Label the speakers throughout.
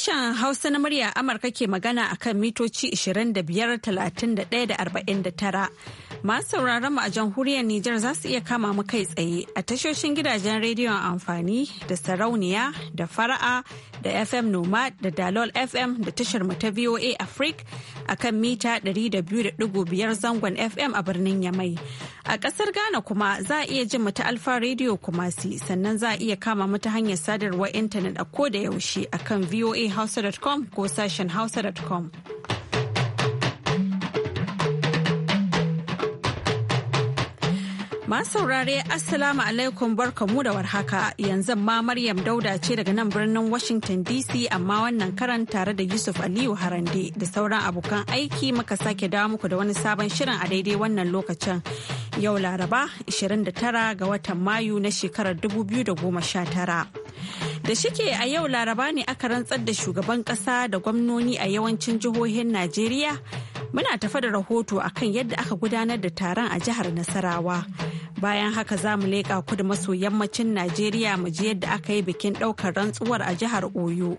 Speaker 1: Sashen Hausa na murya Amurka ke magana akan mitoci 25, 31 da 49. Masu sauraron mu a jamhuriyar Nijar za su iya kama mu kai tsaye a tashoshin gidajen rediyon amfani da sarauniya da fara'a da FM nomad da Dalol FM da tashar mu ta VOA Africa a kan mita 200.5 zangon FM a birnin Yamai. A ƙasar Ghana kuma za a iya jin mu ta Alfa Radio Kumasi sannan za a iya kama mu ta hanyar sadarwar intanet a ko da yaushe a kan voahausa.com ko sashen hausa.com. Masu saurare Assalamu alaikum barkamu da warhaka yanzu ma Maryam Dauda ce daga nan birnin Washington DC amma wannan karan tare da Yusuf Aliyu Harande da sauran abokan aiki muka sake dawo muku da wani sabon shirin a daidai wannan lokacin. Yau Laraba 29 ga watan Mayu na shekarar 2019. da shike a yau laraba ne aka rantsar da shugaban ƙasa da gwamnoni a yawancin jihohin najeriya Muna tafa da rahoto kan yadda aka gudanar da taron a jihar Nasarawa. Bayan haka za mu leƙa kudu maso yammacin Najeriya mu ji yadda aka yi bikin ɗaukar rantsuwar a jihar Oyo.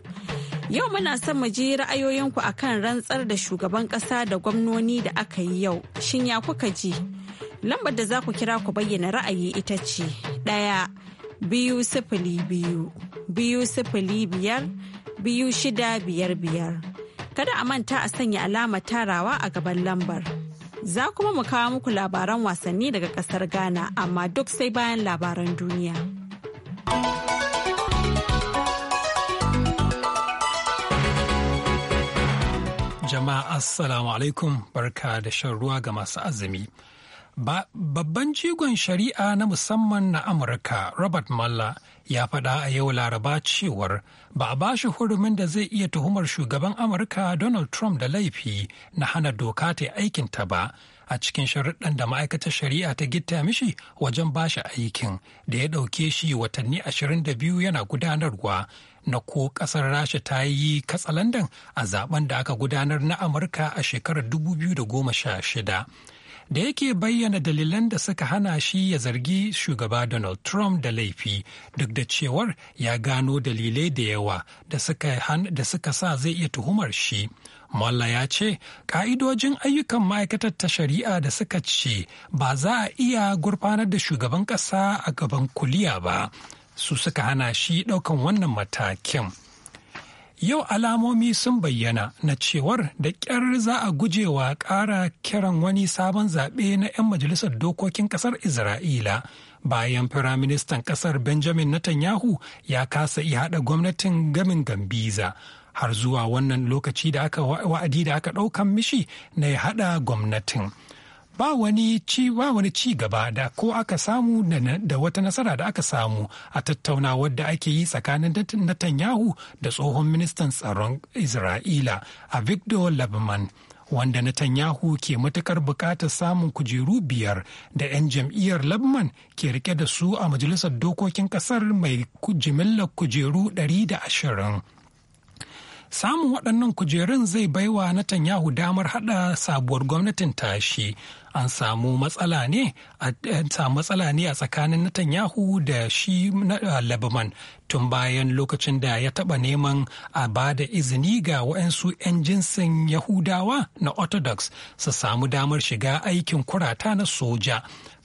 Speaker 1: Yau muna son mu ji ra'ayoyinku kan rantsar da shugaban ƙasa da gwamnoni da aka yi yau. Shin ya kuka ji? Lambar da za ku kira ku bayyana ra'ayi ita ce ɗaya biyu sifili biyu biyu sifili biyar biyu shida biyar biyar. Kada a manta a sanya alamar tarawa a gaban lambar. Za kuma mu kawo muku labaran wasanni daga kasar Ghana amma duk sai bayan labaran duniya.
Speaker 2: Jama'a Assalamu alaikum barka da shan ruwa ga masu azumi. Babban jigon shari'a na musamman na Amurka Robert Mueller ya faɗa a yau Laraba cewar ba a bashi hurumin da zai iya tuhumar shugaban Amurka Donald Trump da laifi na hana doka ta aikinta ba a cikin sharuɗan da ma'aikatar shari'a ta gitta mishi wajen bashi aikin da ya ɗauke shi watanni 22 yana gudanarwa na ko ƙasar rasha ta yi katsalandan a zaben da aka gudanar na amurka a shekarar 2016 da yake bayyana dalilan da suka hana shi ya zargi shugaba Donald Trump da laifi duk da cewar ya gano dalilai da yawa da suka sa zai iya tuhumar shi. Molla ya ce, ƙa'idojin ayyukan ma'aikatar ta shari'a da suka ce ba za a iya gurfanar da shugaban ƙasa a gaban kuliya ba, su suka hana shi ɗaukan wannan matakin. Yau alamomi sun bayyana na cewar da ƙyar za a gujewa ƙara kiran wani sabon zaɓe na 'yan majalisar dokokin ƙasar Isra'ila bayan Firaministan ƙasar Benjamin Netanyahu ya kasa iya haɗa gwamnatin gamin Gambiza har zuwa wannan lokaci da aka wa'adi da aka ɗaukan mishi na ya haɗa gwamnatin. ba wani ci ba wani ci gaba da ko aka samu da wata nasara da aka samu a tattauna wadda ake yi tsakanin Netanyahu da tsohon ministan tsaron Isra'ila a Victor Labman. wanda Netanyahu ke matukar buƙatar samun kujeru biyar da 'yan jam'iyyar Labman ke rike da su a majalisar dokokin kasar mai jimillar kujeru 120. samun waɗannan kujerun zai baiwa Netanyahu damar haɗa sabuwar gwamnatin tashi. An samu matsala ne a tsakanin Netanyahu da shi Lebanon tun bayan lokacin da ya taɓa neman a ba da izini ga waɗansu 'yan jinsin Yahudawa na Orthodox su samu damar shiga aikin kurata na soja.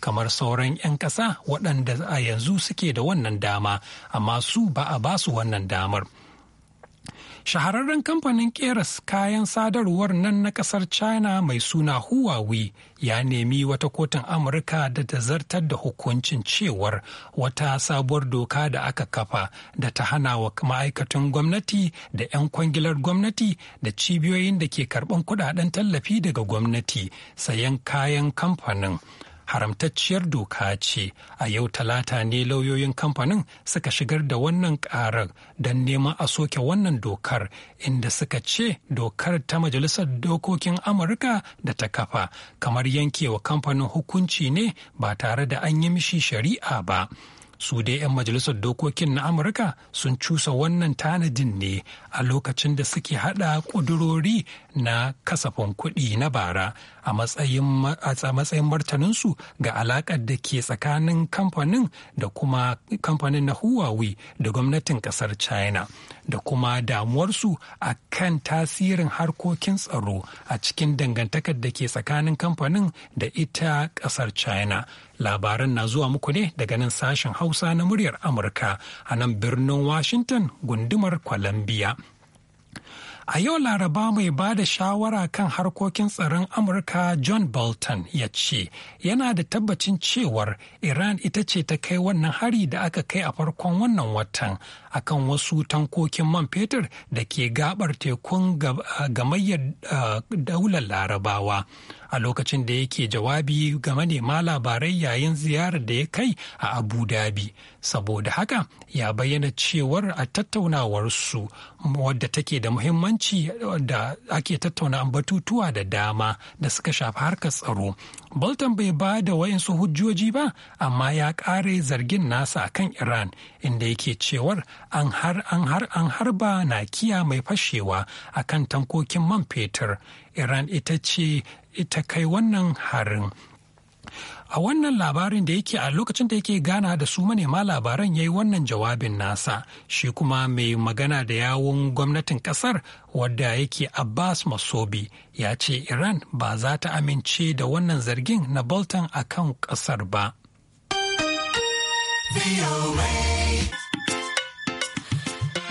Speaker 2: kamar sauran 'yan ƙasa waɗanda a yanzu suke da wannan dama amma su ba a basu wannan damar. shahararren kamfanin keras kayan sadarwar nan na kasar china mai suna huawei ya nemi wata kotun amurka da ta zartar da hukuncin cewar wata sabuwar doka da aka kafa da ta hana wa ma'aikatan gwamnati da 'yan kwangilar gwamnati da cibiyoyin da ke karɓan kudaden tallafi daga gwamnati sayan kayan kamfanin haramtacciyar doka ce a yau talata ne lauyoyin kamfanin suka shigar da wannan karar don neman a soke wannan dokar inda suka ce dokar ta majalisar dokokin amurka da ta kafa kamar yankewa kamfanin hukunci ne ba tare da an yi mishi shari'a ba su dai 'yan majalisar dokokin na amurka sun cusa wannan tanadin ne a lokacin da suke hada kudurori na kasafin kuɗi na bara a matsayin martaninsu ga alakar da ke tsakanin kamfanin da kuma kamfanin na huawei da gwamnatin kasar china da kuma damuwarsu a kan tasirin harkokin tsaro a cikin dangantakar da ke tsakanin kamfanin da ita kasar china Labaran na zuwa muku ne daga nan sashen Hausa na muryar Amurka a nan birnin Washington gundumar Columbia. A yau Laraba mai ba da shawara kan harkokin tsaron Amurka John Bolton ya ce yana da tabbacin cewar Iran ita ce ta kai wannan hari da aka kai a farkon wannan watan akan wasu tankokin man fetur da ke gabar tekun ah, gamayyar ah, daular larabawa a lokacin da yake jawabi ga manema labarai yayin ziyarar da ya kai a abu dhabi saboda haka ya bayyana cewar a tattaunawarsu wadda take da muhimmanci da ake tattauna batutuwa da dama da suka shafi harkar tsaro bolton bai ba da wayansu hujjoji ba amma ya kare zargin nasa kan iran inda yake cewar an har an har an harba kiya mai fashewa a kan tankokin man fetur iran ita ce ita kai wannan harin a wannan labarin da yake a lokacin da yake gana da su manema labaran ya yi wannan jawabin nasa shi kuma mai magana da yawon gwamnatin kasar wadda yake abbas masobi ya ce iran ba za ta amince da wannan zargin na bolton a kan kasar ba.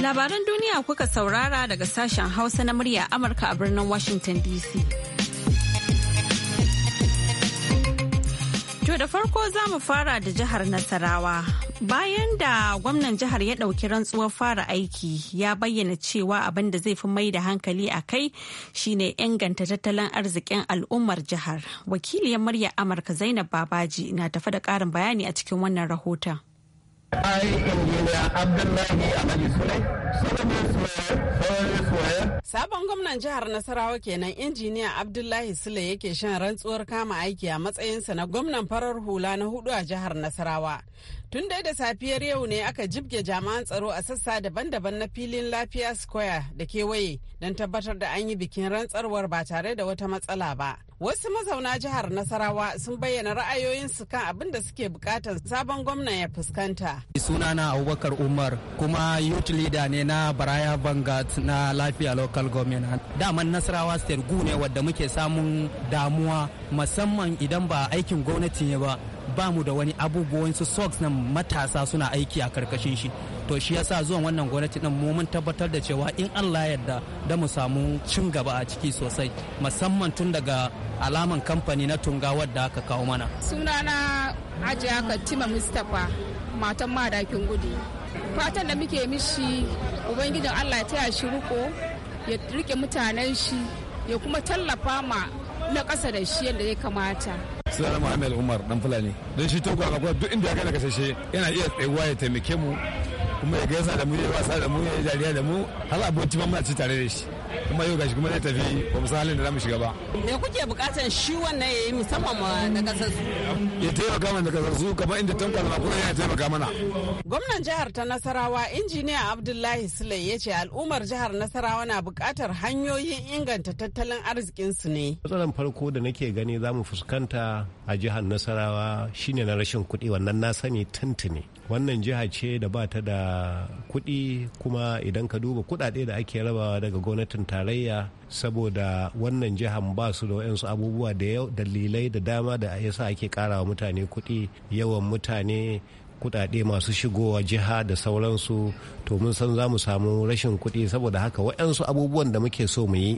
Speaker 1: Labaran duniya kuka saurara daga sashen Hausa na murya Amurka a birnin Washington DC. To da farko za mu fara da jihar Nasarawa. Bayan da gwamnan jihar ya ɗauki rantsuwar fara aiki ya bayyana cewa abin da zai fi mai da hankali a kai shine inganta tattalin arzikin al'ummar jihar. Wakiliyar murya Amurka Zainab Babaji na tafa da ƙarin bayani a cikin wannan rahoton.
Speaker 3: Sabon gwamnan jihar Nasarawa kenan Injiniya Abdullahi Sule yake shan rantsuwar kama aiki a matsayinsa na gwamnan farar hula na hudu a jihar Nasarawa. Tun dai da safiyar yau ne aka jibge jami'an tsaro a sassa daban-daban na filin lafiya square da kewaye don tabbatar da an yi bikin rantsarwar ba tare da wata matsala ba. Wasu mazauna jihar Nasarawa sun bayyana ra'ayoyinsu kan abin da suke bukatar sabon gwamnan ya fuskanta.
Speaker 4: Sunana Abubakar Umar kuma youth leader ne na Baraya Vanguard na Lafiya Local Government. Daman Nasarawa State gu ne wadda muke samun damuwa musamman idan ba aikin gwamnati ne ba. ba mu da wani abubuwan su socks na matasa suna aiki a karkashin shi to shi yasa zuwan wannan gwamnati din mu mun tabbatar da cewa in Allah ya yarda da mu samu cin gaba a ciki sosai musamman tun daga alaman kamfani na tunga wadda aka kawo mana
Speaker 3: sunana Hajiya Katima Mustapha matan madakin gudu fatan da muke mishi ubangijin Allah ya taya shi riko ya rike mutanen shi ya kuma tallafa ma na kasa da shi yadda ya kamata
Speaker 5: sunana muhammed umar dan fulani don shi togo a duk inda ya kai sashe yana iya tsayuwa ya taimake mu kuma ya gaisa da mu ya wasa da mu ya jariya da mu har abinci ma muna ci tare da shi kuma yau gashi kuma zai tafi ba mu san halin da za mu shiga ba me
Speaker 3: kuke bukatan shi wannan yi musamman ma na kasar su
Speaker 5: ya taimaka mana da kasar su kamar inda tun na kuma ya taimaka mana
Speaker 3: gwamnan jihar ta Nasarawa injiniya Abdullahi Sule ya ce al'ummar
Speaker 6: jihar Nasarawa na bukatar hanyoyin inganta tattalin arzikin su ne matsalan farko da nake gani zamu fuskanta a jihar Nasarawa shine na rashin kuɗi wannan na sani tuntuni wannan jiha ce da ba ta da kuɗi kuma idan ka duba kuɗaɗe da ake rabawa daga gwamnatin tarayya saboda wannan jihan ba su da wayansu abubuwa da dalilai da dama da yasa ake ƙara wa mutane kuɗi yawan mutane kuɗaɗe masu shigowa jiha da sauransu to mun san za mu samu rashin kuɗi saboda haka wayansu abubuwan da muke so mu yi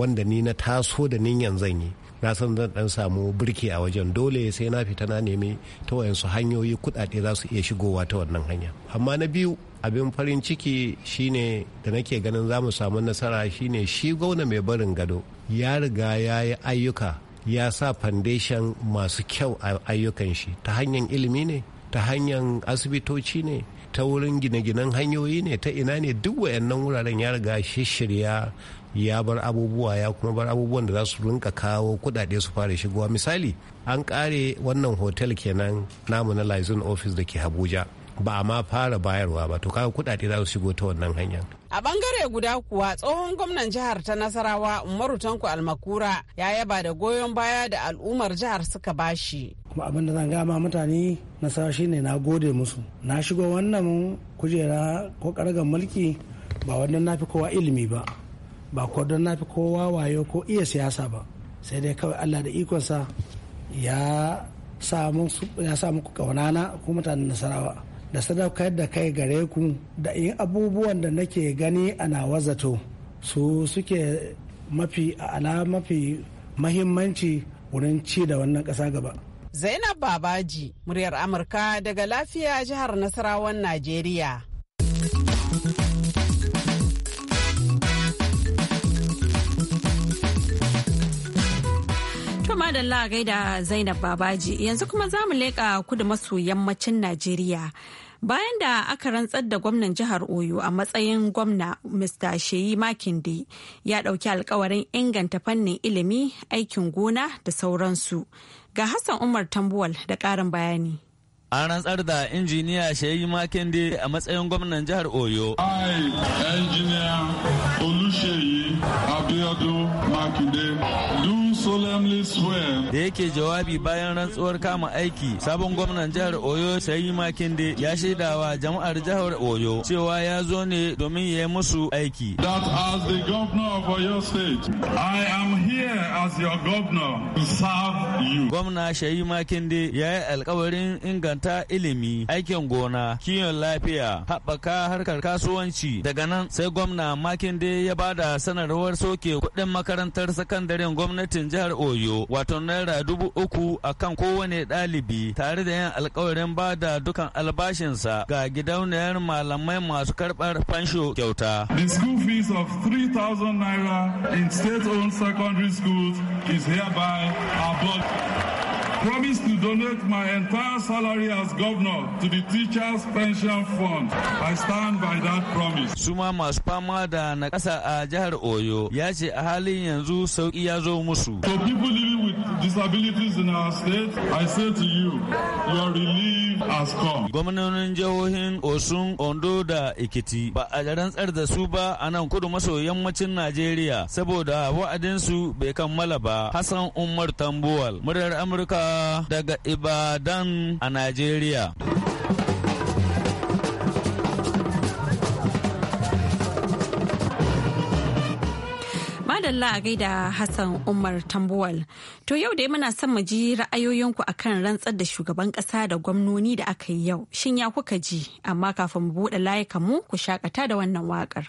Speaker 6: wanda ni na taso da niyyar zan yi na san zan dan samu birki a wajen dole sai na fita na nemi ta wayansu hanyoyi kudade za su iya shigowa ta wannan hanya amma na biyu abin farin ciki shine da nake ganin za mu samu nasara shine shi gwamna mai barin gado ya riga ya yi ayyuka ya sa foundation masu kyau a ayyukan shi ta hanyar ilimi ne ta hanyar asibitoci ne ta wurin gine-ginen hanyoyi ne ta ina ne duk wayannan wuraren ya riga shishirya ya bar abubuwa ya kuma bar abubuwan da za su rinka kawo kudade su fara shigowa misali an kare wannan hotel kenan namu na lizon office da ke habuja ba a ma fara bayarwa ba to kawo kudade za su shigo ta wannan hanyar
Speaker 3: A bangare guda kuwa tsohon gwamnan jihar ta Nasarawa Umaru Tanko Almakura ya yaba da goyon baya da al'ummar jihar suka bashi.
Speaker 4: Kuma abin da zan gama mutane shi ne na gode musu. Na shigo wannan kujera ko karagar mulki ba wannan fi kowa ilimi ba. Ba ko don fi kowa wayo ko iya siyasa ba. Sai dai kawai Allah da ikonsa ya sa muku kaunana ko mutanen Nasarawa. da sadaukar da kai gare ku da in abubuwan da nake gani a nawa zato su suke mafi ala mafi mahimmanci wurin ci da wannan ƙasa gaba.
Speaker 3: Zainab Babaji, muryar Amurka daga lafiya jihar Nasarawan Najeriya.
Speaker 1: To madalla gaida Zainab Babaji yanzu kuma za mu leƙa kudu maso yammacin Najeriya. Bayan da aka rantsar da gwamnan jihar Oyo a matsayin gwamna Mr. Sheyi Makinde ya ɗauki alkawarin inganta fannin ilimi, aikin gona da sauransu. Ga Hassan Umar Tambuwal da ƙarin bayani.
Speaker 7: An rantsar da injiniya Sheyi Makinde a matsayin gwamnan jihar Oyo. I, engineer Abiodun Makinde, Da yake jawabi bayan rantsuwar kama aiki, sabon gwamnan jihar Oyo sai Makinde ya shaidawa jama'ar jihar Oyo cewa ya zo ne domin ya yi musu aiki. That as the governor of Oyo State, I am here as your governor to serve you. Gwamna shayi Makinde ya yi alkawarin inganta ilimi, aikin gona, kiwon lafiya, haɓaka harkar kasuwanci. Daga nan sai gwamna Makinde ya bada sanarwar soke kuɗin makarantar sakandaren gwamnatin jihar Oyo. koyo wato naira dubu uku a kan kowane ɗalibi tare da yin alkawarin ba da dukan albashinsa ga gidauniyar malamai masu karɓar fansho kyauta. The school fees of 3,000 naira in state-owned secondary schools is hereby abolished. promise to donate my entire salary as governor to the Teachers Pension Fund. I stand by that promise. Suma masu fama da na a jihar Oyo ya ce a halin yanzu sauƙi ya zo musu. people living with disabilities in our state, I say to you, you are relieved has come. Gwamnonin jihohin Osun, Ondo da Ekiti ba a rantsar da su ba a nan kudu maso yammacin Najeriya saboda wa'adinsu bai kammala ba. Hassan Umar Tambuwal, muryar Amurka daga Ibadan a Najeriya.
Speaker 1: madalla a gaida Hassan Umar Tambuwal. To yau dai muna son mu ji ra'ayoyinku akan rantsar da shugaban kasa da gwamnoni da aka yi yau. Shin ya kuka ji, amma kafin mu buɗe layukan mu ku shakata da wannan waƙar.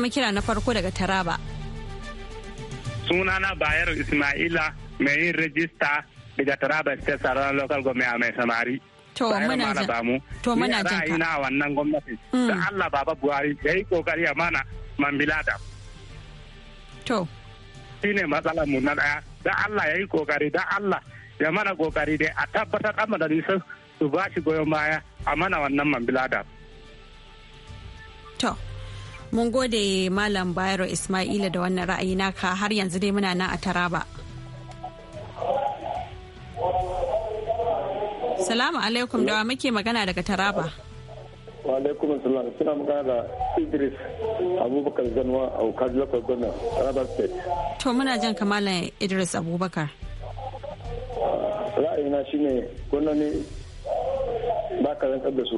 Speaker 1: samu kira na farko daga Taraba.
Speaker 5: Sunana Bayero Ismaila mai yin rajista daga Taraba State Sararin Local Government a mai samari.
Speaker 1: To muna jin To muna jin ka. Ni ra'ayi
Speaker 5: wannan gwamnati. Mm. Da Allah Baba Buhari ya yi kokari ya mana man bilada. To. Shi ne matsalar mu na daya. Da Allah ya yi kokari da Allah ya mana kokari dai a tabbatar an majalisar su ba shi goyon baya a mana wannan man bilada.
Speaker 1: To. Mun gode Malam Bayero Ismaila da wannan ra'ayi naka har yanzu dai muna nan a Taraba. Salamu alaikum da muke magana daga Taraba.
Speaker 5: Wa alaikum salam suna magana da Idris Abubakar Zanwa a Ukar Local Taraba State.
Speaker 1: To muna jan kamalan Idris Abubakar.
Speaker 5: Ra'ayina gona ne ba ka rantsar da su.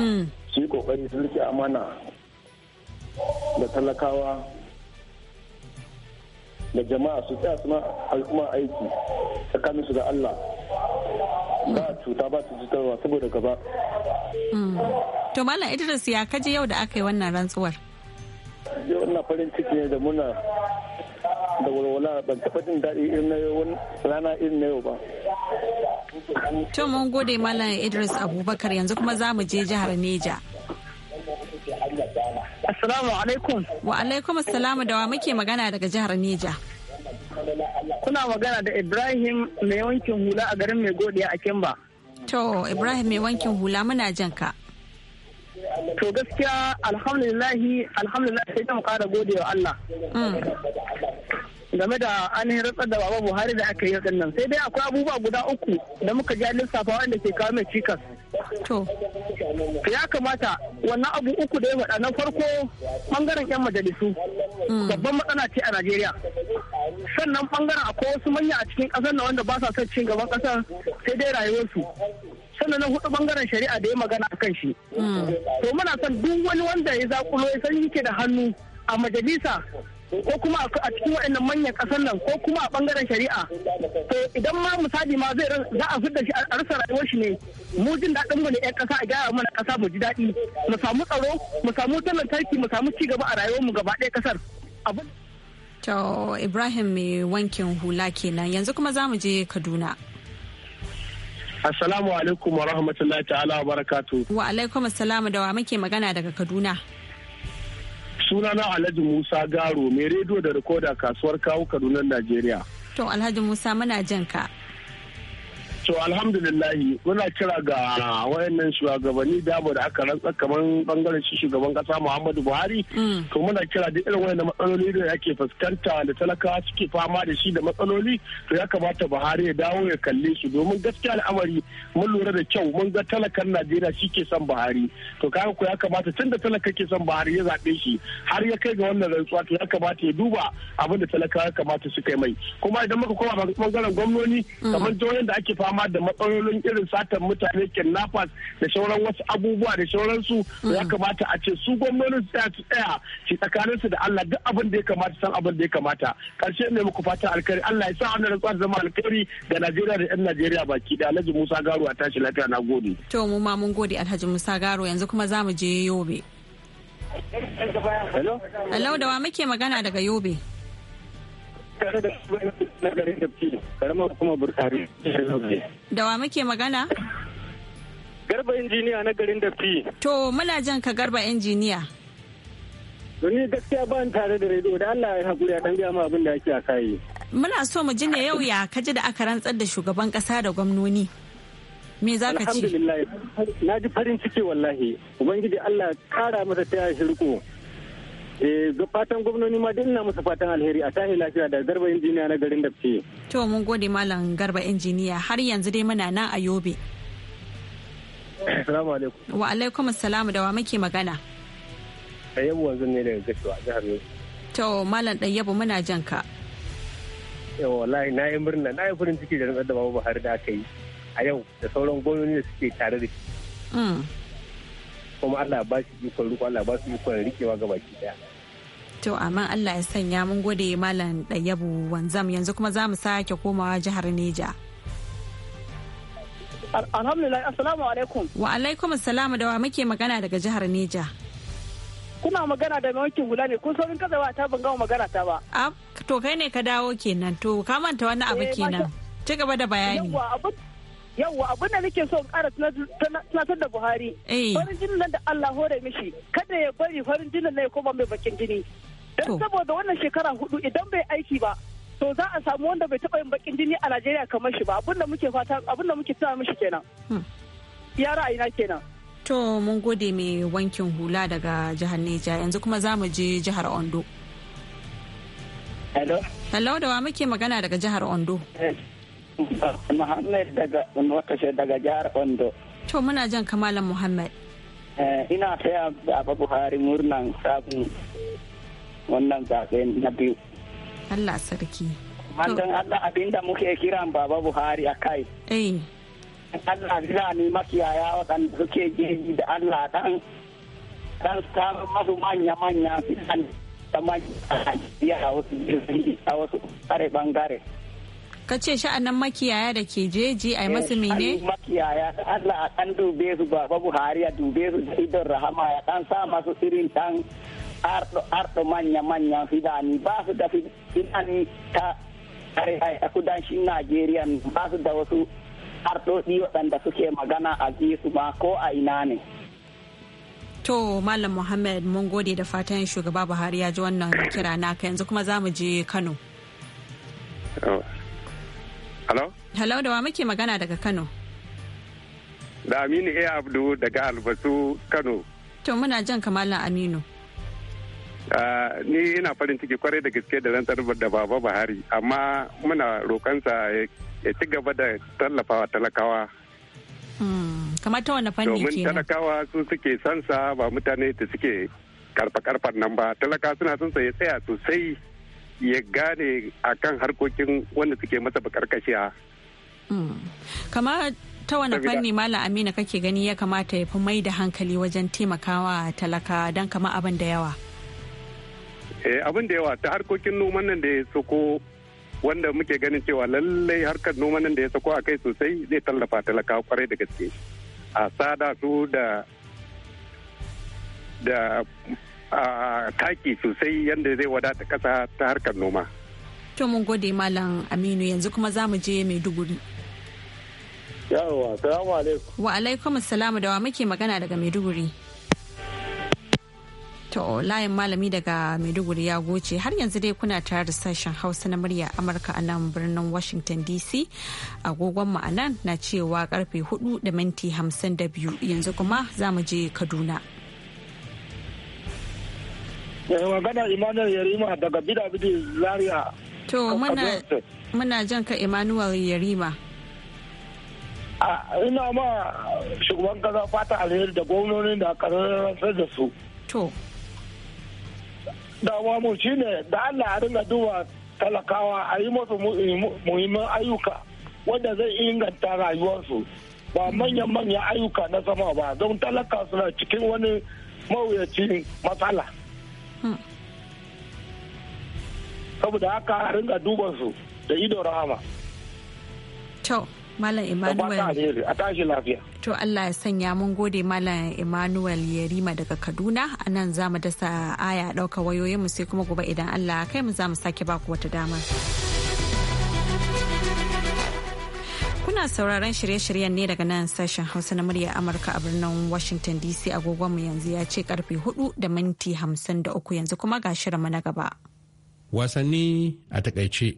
Speaker 5: Mm. Su yi kokari sun rike amana da talakawa da jama'a su tsaya suna al'umma aiki tsakaninsu da Allah ba cuta ba su jitarwa saboda gaba.
Speaker 1: Mm. To Malam Idris ya kaji yau da aka yi wannan rantsuwar.
Speaker 5: Yau wannan farin ciki ne da muna da walwala ban taɓa jin daɗi irin na yau rana irin na yau ba.
Speaker 1: To mun gode Malam Idris Abubakar yanzu kuma za mu je jihar Neja. Assalamu alaikum. Wa alaikum assalamu da wa muke magana daga jihar Neja. Kuna magana da
Speaker 8: Ibrahim mai wankin hula a garin mai godiya a Kimba.
Speaker 1: To Ibrahim mai wankin hula muna jan ka.
Speaker 8: To gaskiya alhamdulillahi alhamdulillah sai zan kara gode wa Allah. Mm. Game da ainihin ratsar da Baba Buhari da aka yi nan sai dai akwai abubuwa guda uku da muka ji lissafa wanda ke kawo mai cikas. To. ya kamata wannan abu uku da ya faɗa na farko ɓangaren 'yan majalisu hmm. babban matsala ce a najeriya sannan ɓangaren akwai wasu manya a cikin ƙasar na wanda ba sa son cin gaban ƙasar sai dai rayuwarsu sannan na hudu ɓangaren shari'a da ya magana a kan shi hmm. to muna son duk wani wanda ya zaƙulo ya san yake da hannu a majalisa ko kuma a cikin waɗannan manyan ƙasar nan ko kuma a ɓangaren shari'a to idan ma misali ma zai za a fidda shi a rasa rayuwar shi ne mu jin daɗin mu ne ƴan ƙasa a gyara mana ƙasa mu ji daɗi mu samu tsaro mu samu wutar lantarki mu samu ci gaba a rayuwar mu gaba ɗaya ƙasar.
Speaker 1: To Ibrahim mai wankin hula kenan yanzu kuma za mu je Kaduna.
Speaker 5: Assalamu alaikum wa rahmatullahi ta'ala wa barakatu.
Speaker 1: Wa alaikum assalamu da wa muke magana daga Kaduna.
Speaker 5: sunana alhaji musa garo mai rediyo da rikoda kasuwar kawo kaduna najeriya
Speaker 1: to alhaji musa muna jin ka To
Speaker 5: alhamdulillahi muna kira ga wayannan shugabanni dabo da aka rantsa kamar bangaren shi shugaban kasa Muhammadu Buhari. Mm. To muna kira da irin wayannan matsaloli da yake fuskanta da talakawa suke fama da shi da matsaloli to ya kamata Buhari ya dawo ya kalle su domin gaskiya al'amari mun lura da kyau mun ga talakan Najeriya shi ke son Buhari. To kaga ko ya kamata tun da talaka ke son Buhari ya zaɓe shi har ya kai ga wannan rantsuwa to ya kamata ya duba abin da ya kamata su kai mai. Kuma idan muka koma bangaren gwamnoni mm. kamar jihohin da ake fama fama da matsalolin irin satan mutane kidnappers da sauran wasu abubuwa da sauransu ya mm. kamata a ce su gwamnonin tsaya su tsaya shi tsakanin su da Allah duk abin da ya kamata san abin da ya kamata karshe ne muku fatan alkhairi Allah ya sa wannan rantsuwa zama alkhairi ga Najeriya da ƴan Najeriya baki da Alhaji Musa Garo a tashi lafiya na gode
Speaker 1: to mu ma mun gode Alhaji Musa Garo yanzu kuma zamu je Yobe Hello da wa muke magana daga Yobe
Speaker 5: na garin da fi karamar kuma burkari
Speaker 1: da wa muke magana garba injiniya na garin da fi to muna jan ka garba injiniya
Speaker 5: ni gaskiya ba ni tare da rediyo da Allah ya haƙuri a ɗan gama abin da ake a kayi.
Speaker 1: Muna so mu ji ne yau ya kaji da aka rantsar da shugaban ƙasa da gwamnoni. me za ka ce?
Speaker 5: Alhamdulillah, na ji farin ciki wallahi, Ubangiji Allah kara masa ta yashi riko, Eh ga fatan gwamnoni ma duk ina musu fatan alheri a tahi lafiya da garba injiniya na garin Dapce.
Speaker 1: To mun gode malam garba injiniya har yanzu dai muna nan a Yobe.
Speaker 5: Assalamu alaikum.
Speaker 1: Wa alaikum assalamu da wa muke magana.
Speaker 5: Ɗayyabu wanzu ne daga gashuwa jihar Yobe.
Speaker 1: To malam Ɗayyabu muna jan ka.
Speaker 5: Yawa wallahi na yi murna na yi farin ciki da rantsar da Babu Buhari da aka yi a yau da sauran gwamnoni da suke tare da shi. Mm. kuma Allah ba shi ikon riko Allah ba su ikon rikewa ga baki daya
Speaker 1: to amma Allah ya sanya mun gode malam Dayabu Wanzam yanzu kuma za mu sake komawa jihar Neja Alhamdulillah assalamu alaikum wa alaikum assalam da wa muke magana daga jihar Neja
Speaker 8: kuna magana da mawakin gula ne kun saurin kazawa ta ban gama magana ta ba Ah,
Speaker 1: to kai ne ka dawo kenan to kamanta wani abu eh, kenan ci gaba da bayani Yawwa,
Speaker 8: yawwa abin da nake so kara tunatar da buhari eh. farin jinin nan da allah hore mishi kada ya bari farin jinin na ya koma mai bakin jini don saboda wannan shekara hudu idan bai aiki ba to za a samu wanda bai taba yin bakin jini a najeriya kamar shi ba abin da muke fata abin da muke tuna mishi kenan hmm.
Speaker 1: ya ra'ayina kenan to mun gode mai wankin hula daga jihar neja yanzu kuma za mu je jihar ondo hello hello da wa muke magana daga jihar ondo
Speaker 5: eh. Muhammad daga wakashe daga jihar Ondo.
Speaker 1: To muna jan kamalan Muhammad.
Speaker 5: Eh, ina taya
Speaker 8: Baba Buhari murnan sabon wannan zaɓe na biyu.
Speaker 1: Allah sarki.
Speaker 8: Mandan Allah abinda muke kiran Baba Buhari a kai. Eh. Allah zira ne makiyaya waɗanda suke gini da Allah ɗan ɗan samun masu manya-manya fi fitan da manya a wasu a ɓangare
Speaker 1: ka ce sha'anan makiyaya da ke jeji a yi eh, masu mene?
Speaker 8: makiyaya Allah a kan dube su baba Buhari a dube su da idon rahama ya kan sa masu irin kan ardo manya-manyan fidani ba su da fidani ta a kudancin Najeriya ba su da wasu ardoɗi waɗanda suke magana a su ma ko a ina ne.
Speaker 1: To Malam Muhammad mun gode da fatan shugaba Buhari ya ji wannan kira naka yanzu kuma za mu je Kano. Oh. Hello? da wa muke magana daga Kano?
Speaker 9: Da Aminu A. Abdu daga Albasu Kano.
Speaker 1: To muna jan kamala Aminu.
Speaker 9: Ah, ni ina farin ciki kwarai da gaske da rantsar da baba Buhari amma muna roƙonsa ya ci gaba da tallafawa talakawa.
Speaker 1: Hmm, kamar ta wani fanni Domin
Speaker 9: talakawa su suke sansa ba mutane da suke karfa-karfar nan ba talaka suna son ya tsaya sosai. ya gane a kan harkokin wanda suke masa bakarkashiya.
Speaker 1: Hmm. kama ta wani fanni malam amina kake gani ya kamata ya fi mai da hankali wajen taimakawa talaka don kama abin da yawa
Speaker 9: eh, abin da yawa ta harkokin noman nan da ya soko wanda muke ganin cewa lallai harkar noman nan da ya sako a kai sosai zai tallafa talaka kwarai da gaske a sada su da taki sosai yadda zai wadata ƙasa ta harkar noma.
Speaker 1: To mun gode Malam Aminu yanzu kuma za mu je Maiduguri.
Speaker 5: Yawwa, salamu alaikum.
Speaker 1: Wa alaikum salamu da wa muke magana daga Maiduguri. To layin malami daga Maiduguri ya goce har yanzu dai kuna tare da sashen Hausa na murya Amurka a nan birnin Washington DC. Agogon mu a na cewa karfe 4 da minti 52 yanzu kuma za mu je Kaduna.
Speaker 5: Eh, magana Emmanuel Yarima daga Zaria.
Speaker 1: To muna jan ka Emmanuel Yarima.
Speaker 5: a ina ma shugaban kaza fata alheri da gwamnonin da aka rarrafe da su. To. Dawa mu shi ne da Allah a ringa duba talakawa a yi masu muhimman ayyuka wanda zai inganta rayuwarsu ba manyan-manyan ayyuka na sama ba don talaka suna cikin wani mawuyacin matsala. saboda haka a ringa duban su da ido rahama
Speaker 1: to Malam Emmanuel.
Speaker 5: A tashi lafiya.
Speaker 1: To Allah ya sanya mun gode Malam Emmanuel Yarima daga Kaduna a nan za mu dasa aya ɗauka wayoyinmu sai kuma gobe idan Allah kai mu za mu sake baku wata dama. Kuna sauraron shirye-shiryen ne daga nan sashen Hausa na murya Amurka a birnin Washington DC agogonmu yanzu ya ce karfe 4 da minti 53 yanzu kuma ga shirinmu na gaba.
Speaker 9: Wasanni a takaice.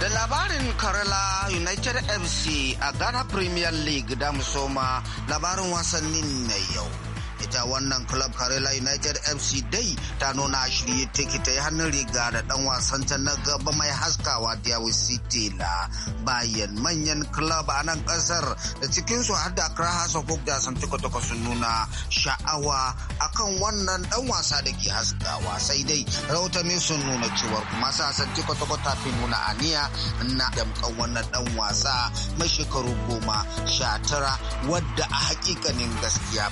Speaker 4: Da labarin Karela United FC a Ghana Premier League da musoma labarin wasannin na yau. ita wannan club karela united fc dai ta nuna shirye take ta yi hannun riga da dan wasanta na gaba mai haskawa diawi city la bayan manyan club a nan kasar da cikinsu har da accra hasa kuk da san tuka sun nuna sha'awa akan wannan dan wasa da ke haskawa sai dai rautami sun nuna cewa kuma sasan tuka ta fi nuna aniya na damkan wannan dan wasa mai shekaru goma sha tara wadda a hakikanin gaskiya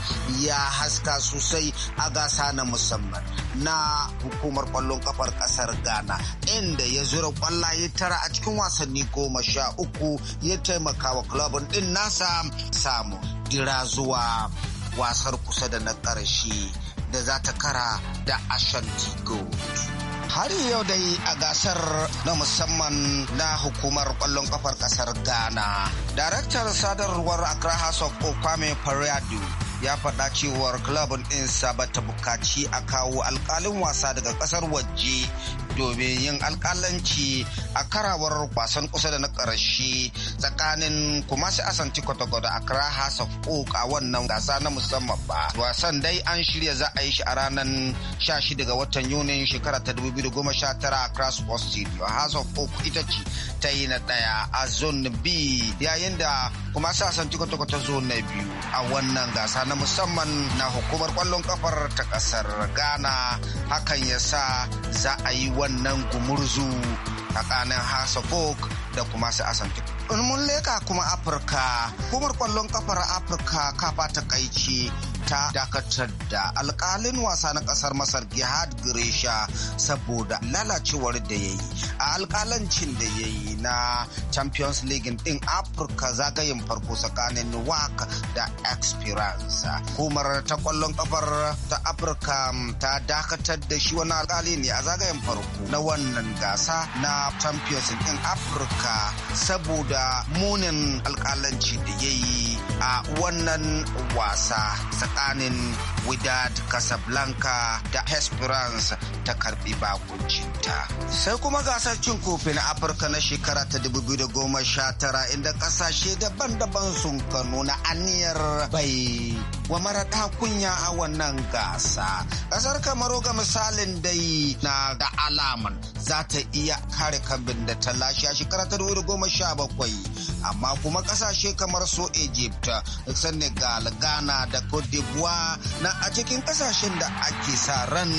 Speaker 4: ya haska sosai a gasa na musamman na hukumar kwallon kafar kasar ghana inda ya zura kwallaye tara a cikin wasanni goma sha uku ya taimaka wa klabin din nasa samu dira zuwa wasar kusa da na ƙarshe da za ta kara da ashanti gold har yau dai a gasar na musamman na hukumar kwallon kafar kasar ghana daraktar sadarwar accra house of kwame pariadu ya faɗa cewar club ɗin sa bata bukaci a kawo alƙalin wasa daga ƙasar waje domin yin alkalanci a karawar wasan kusa da na ƙarshe tsakanin kumasi asanti kwatago da accra house of oak a wannan gasa na musamman ba wasan dai an shirya za a yi shi a ranar 16 ga watan yunin shekara ta 2019 a accra sports stadium house of oak ita ce ta yi na ɗaya a zone b yayin da kumasi asanti kwatago ta zone na biyu a wannan gasa na musamman na hukumar kwallon kafar ta ƙasar ghana hakan ya sa za a yi wani wannan gumurzu tsakanin hasa folk da kuma su asantik in mun leka kuma afirka hukumar kwallon kafar afirka kafa ta kaici ta dakatar da alkalin wasa na kasar masar gihad gresha saboda lalacewar da ya yi a alkalancin da ya yi na champions league din afirka zagayen farko tsakanin wak da experience hukumar ta kwallon kafar ta afirka ta dakatar da shi wani alkali ne a zagayen farko na wannan gasa na champions din afirka saboda da munin alkalanci da ya yi a wannan wasa tsakanin Widad Casablanca da Esperance ta karbi bakuncinta. Sai kuma gasar cin kofin Afirka na shekara ta tara, inda kasashe daban-daban sun ka nuna aniyar bai wa mara kunya a wannan gasa. Kasar Kamaru ga misalin dai na da alaman za ta iya kare kambin da ta lashe a shekara ta dubu goma sha bakwai amma kuma kasashe kamar su egypt senegal ghana da cote d'ivoire na a cikin kasashen da ake sa ran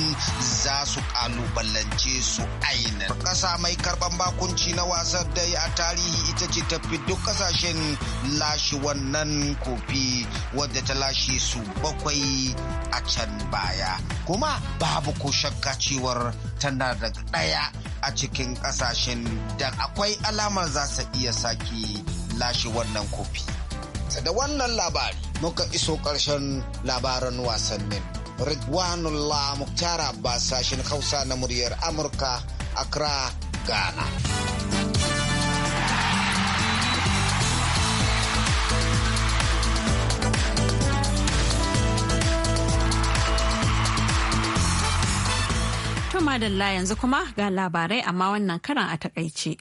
Speaker 4: za su kalubalance su ainihin kasa mai karban bakunci na wasan da a tarihi ita ce tafi duk kasashen lashe wannan kofi wadda ta lashe su bakwai a can baya kuma babu ko shakka cewar tana da ɗaya a cikin kasashen da akwai alamar za su iya sake lashe wannan kofi. Da wannan labari muka iso ƙarshen labaran wasannin. Ridwanullah Muktara ba sashen Hausa na muryar Amurka, Accra, Ghana.
Speaker 1: Tumadalla yanzu kuma ga labarai amma wannan karan a takaice.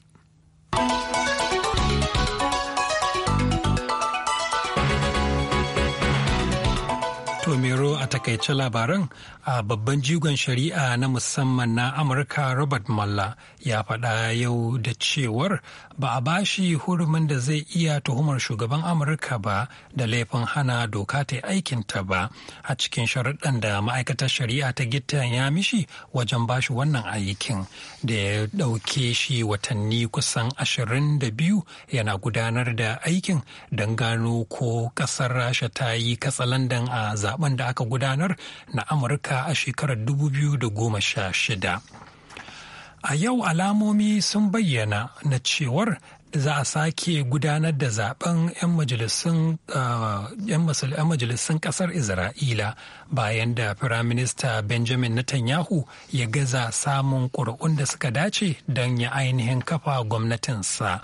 Speaker 2: Mero a takaice labaran a babban jigon shari'a na musamman na Amurka Robert Malla ya faɗa yau da cewar ba a bashi hurumin da zai iya tuhumar shugaban Amurka ba da laifin hana doka ta aikinta ba a cikin sharaɗan da ma'aikatar shari'a ta gittan ya mishi wajen bashi wannan aikin da ya ɗauke shi watanni kusan ashirin da biyu yana gudanar da aikin don gano ko ƙasar Rasha ta yi katsalandan a zaben da aka gudanar na Amurka a shekarar 2016. A yau alamomi sun bayyana na cewar za a sake gudanar da zaben 'yan majalisun kasar uh, Isra'ila bayan da Firaminista Benjamin Netanyahu ya gaza samun ƙuri'un da suka dace don ya ainihin kafa gwamnatinsa.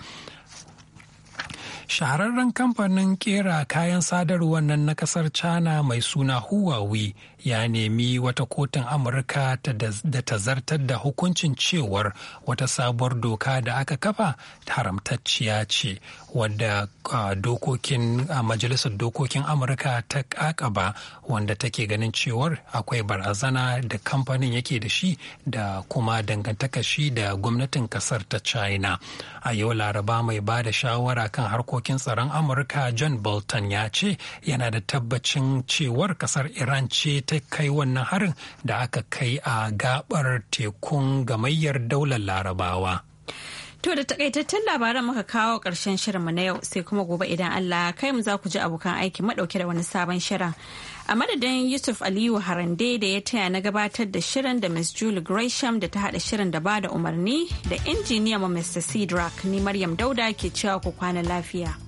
Speaker 2: shahararren kamfanin kera kayan sadarwar nan na kasar china mai suna huawei ya nemi wata kotun amurka da ta zartar da hukuncin cewar wata sabuwar doka da aka kafa haramtacciya ce wadda dokokin majalisar dokokin amurka ta kakaba wanda take ganin cewar akwai barazana da kamfanin yake da shi da kuma dangantaka shi da gwamnatin kasar ta china a yau laraba mai ba da shawara kan harkokin tsaron amurka john bolton ya ce yana da tabbacin cewar kasar iran ce ta ta kai wannan harin da aka kai a gabar tekun gamayyar daular larabawa.
Speaker 1: To da takaitattun labaran muka kawo ƙarshen mu na yau sai kuma gobe idan Allah kai mu za ku ji abokan aiki madauke da wani sabon shirin. A madadin Yusuf Aliyu Harande da ya taya na gabatar da shirin da Miss Julie Gresham da ta haɗa shirin da bada umarni da injiniya mu Mr. Cedric ni Maryam Dauda ke cewa ku kwana lafiya.